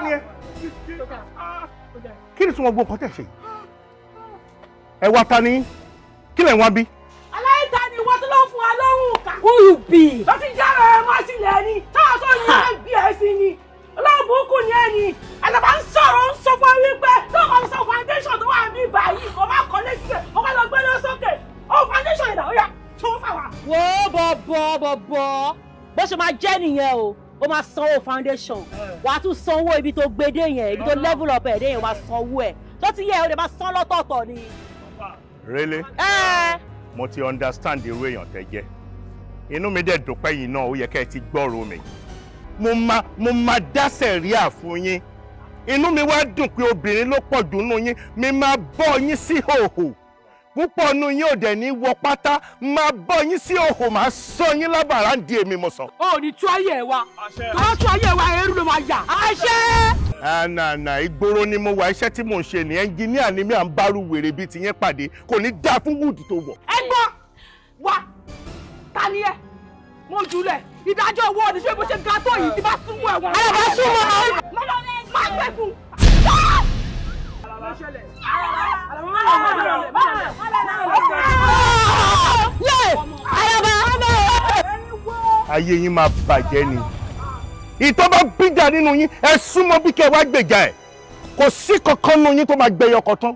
kọ́ ni ẹ kí ni sùnwọ̀n gbogbo tẹ̀ ṣe ẹ wá ta ni kí lẹ̀ ń wá bí. aláìta ni wọ́n tó ló fún wa lóhùn kà. who you be. ló ti jára ẹ má sílẹ̀ ni táwọn tó ní ẹ bí ẹ sí ni olóòbùkù ni ẹ ni àgbàbà ń sọ̀rọ̀ ń sọ fún wípé lóòkàn sọ foundation tó wà ní báyìí mo máa kọ́ lé síbẹ̀ mo máa lọ gbé lọ sókè ó foundation ìdàgbéyà tó fà wá. wo bọ̀ bọ̀ bọ̀ bọ̀ bó ṣe máa jẹ́ nìyẹn o ó máa sanwó foundation eh. wà á tún sanwó ibi tó gbédé yẹn ibi tó eh. level up ẹ̀dẹ́ yẹn wà á sanwó ẹ̀ tó ti yẹ ẹ̀ ó lè máa san lọ́tọ̀ọ̀tọ̀ ni. really eh. mo ti understand irú èèyàn tẹ́ jẹ́ inú mi dẹ̀ dùpẹ́ yìí náà ó yẹ kẹ́ ẹ ti gbọ́rọ̀ mi mo máa mo máa dáṣẹ̀ rí àfún yín inú mi wá dùn pé obìnrin ló pọ̀ jù nù yín mi máa bọ́ yín sí Si púpọ̀ nu yín ò dẹ̀ ní wọ pátá máa bọ́ yín sí òhò máa sọ yín lábàrá ń di èmi mọ̀ sọ. o ní tú ayé wa tó bá tú ayé wa ẹrú ló máa yà. àṣẹ. àná àná ìgboro ni mo wà iṣẹ́ tí mò ń ṣe ní ẹnjíníà ni mi à ń bárú wèrè bíi tiyẹn pàdé kò ní dáa fún wúdù tó wọ̀. ẹ gbọ́ wa ta ni ẹ mo jùlẹ̀ ìdájọ́ owó ọ̀dẹ̀ ṣé bó ṣe ga tó yìí ti bá súnmọ́ ẹ̀wọ̀n. ara bá súnmọ́ ọ. má gbẹ̀kùn. ayé yín máa bàjẹ́ ni ìtọ́ bá bíjà nínú yín ẹ súnmọ́ bí kẹ́ ẹ wá gbèjà ẹ̀ kò sí kankan nínú yín tó máa gbẹyọkọ̀ tán